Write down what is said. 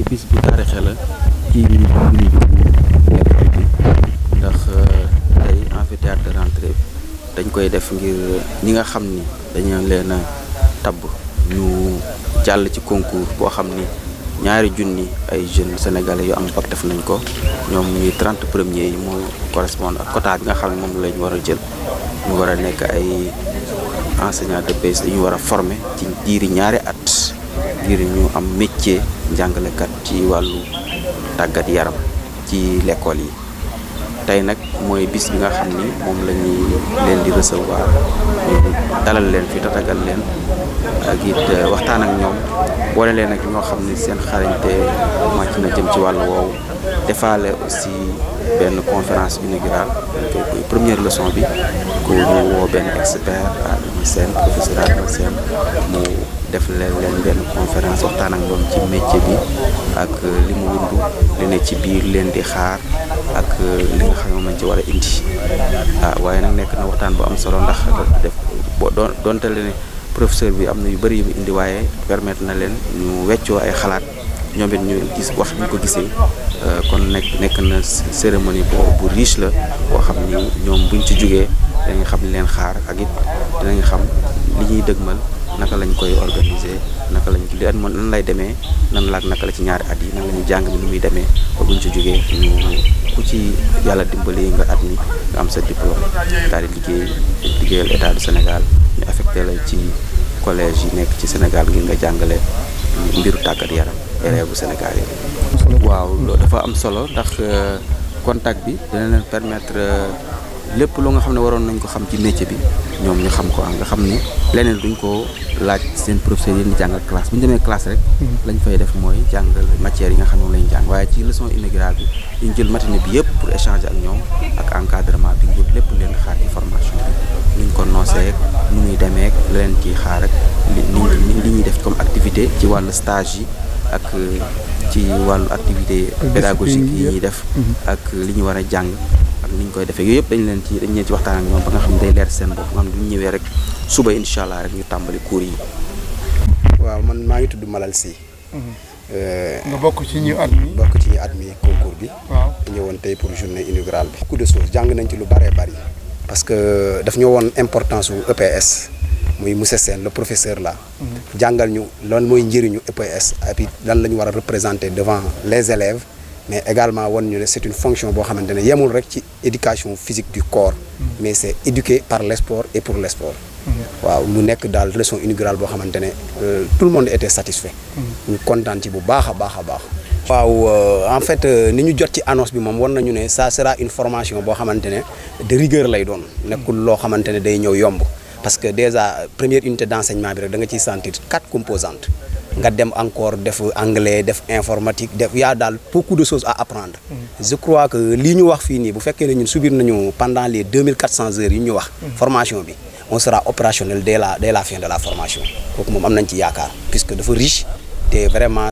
tey bis bu taarixe la ci dund ndax euh, tey amphithéâtre de rentrée dañ koy def ngir ñi nga xam ni dañu leen a tabb ñu jàll ci concours boo xam ni ñaari junni ay jeunes sénégalais yu am bac def nañ ko ñoom ñuy trente premiers yi moo correspondre ak quota bi nga xam ne moom lañu war a jël mu war a nekk ay enseignants de PS dañu war a ci diiri ñaari at ngir ñu am métier jàngalekat ci wàllu tàggat yaram ci l'école yi tey nag mooy bis bi nga xam ni moom la ñuy leen di recevoir dalal leen fi tatagal leen ak it euh, waxtaan ak ñoom boole leen ak ñoo xam ni seen xarañte màcc na jëm ci wàllu woowu defaale aussi benn conférence inaugurale première leçon bi ko ñu woo benn expert seen Sène professeur Adama mu def leen leen benn conférence waxtaan ak ñoom ci métier bi ak euh, li mu wund li ne ci biir leen di xaar ak euh, li nga xam ci war a indi waaw ah, waaye nag nekk na waxtaan bu am solo ndax def boo donte ne professeur bi am na yu bëri yu indi waaye permettre na leen ñu weccoo ay xalaat. ñoom it ñu gis wax ñu ko gisee euh, kon nekk nekk na cérémonie bu bu la boo xam ni ñoom buñ ci jógee dinañ xam leen xaar ak it dinañ xam li ñuy dëgmal naka lañ koy organiser naka lañ li at moom nan lay demee nan laak naka la ci ñaari at yi nan la jàng mi nu muy demee ba buñ ci jógee ñu ku ci yàlla dimbali nga at mi nga am sa diplôme daal di liggéeyal état du Sénégal ñu affecté la ci collège yi nekk ci Sénégal ngir nga jàngale mbiru tàggat yaram élèves bu Sénégal yi. waaw loolu dafa am solo ndax euh, contact bi dina leen permettre euh, lépp loo nga xam ne waroon nañ ko xam ci métier bi ñoom ñu xam ko am nga xam ni leneen duñ ko laaj seen professeur yi ñu jàngal classe bu ñu demee classe rek. Hmm. lañ fay def mooy jàngal matière yi nga xam ne moom lañ jàng waaye ci leçon immigrale bi ñu jël matinée bi yëpp pour échanger ak ñoom ak encadrement bi ñu lépp leen xaar ci formation bi nuñ ko noosee nu muy demee leen ciy xaar rek li li ñuy def comme activité ci wàll stage yi. ak ci wàllu activité pédagogique yi ñuy def ak li ñu war a jàng ak ni ñu koy defee yooyu yëpp dañ leen ci dañ leen waxtaan ak ñoom ba nga xam ne day leer seen bopp nga xam duñ ñëwee rek suba incha allah rek ñu tàmbali cours yi waaw man maa ngi tudd Malal Sy mhm. euh, nga bokk ci ñu admis bokk ci ñu admis concours bi waaw woon tey pour journée inaugurale bi beaucoup de choses jàng nañ ci lu bëree bëri parce que daf ñoo woon importance wu EPS muy monsieur Sène le professeur là. jàngal ñu lan mooy njëriñu EPS et puis lan la ñu war a représenter devant les élèves mais également wan ñu ne c'est une fonction boo xamante ne yemul rek ci éducation physique du corps. mais c'est éduquer par le sport et pour le sport. waaw mu nekk daal leçon inaugurale boo xamante ne euh, tout le monde était satisfait. ñu kontaan ci bu baax a baax a baax. waaw euh, en fait euh, ni ñu jot ci annonce bi moom war na ñu ne ça sera une formation boo xamante ne de lay doon. nekkul loo xamante ne day ñëw yomb. parce que déjà première unité d'enseignement bi rek da nga sentir quatre composantes nga dem encore def anglais def informatique def yaa daal beaucoup de choses à apprendre mm. je crois que lii ñu wax fii nii bu fekkee ne ñun subir nañu pendant les yi ñu wax mm. formation bi on sera opérationnel dès la fin de la formation kooku moom am nañ ci yaakaar puisque dafa riche te vraiment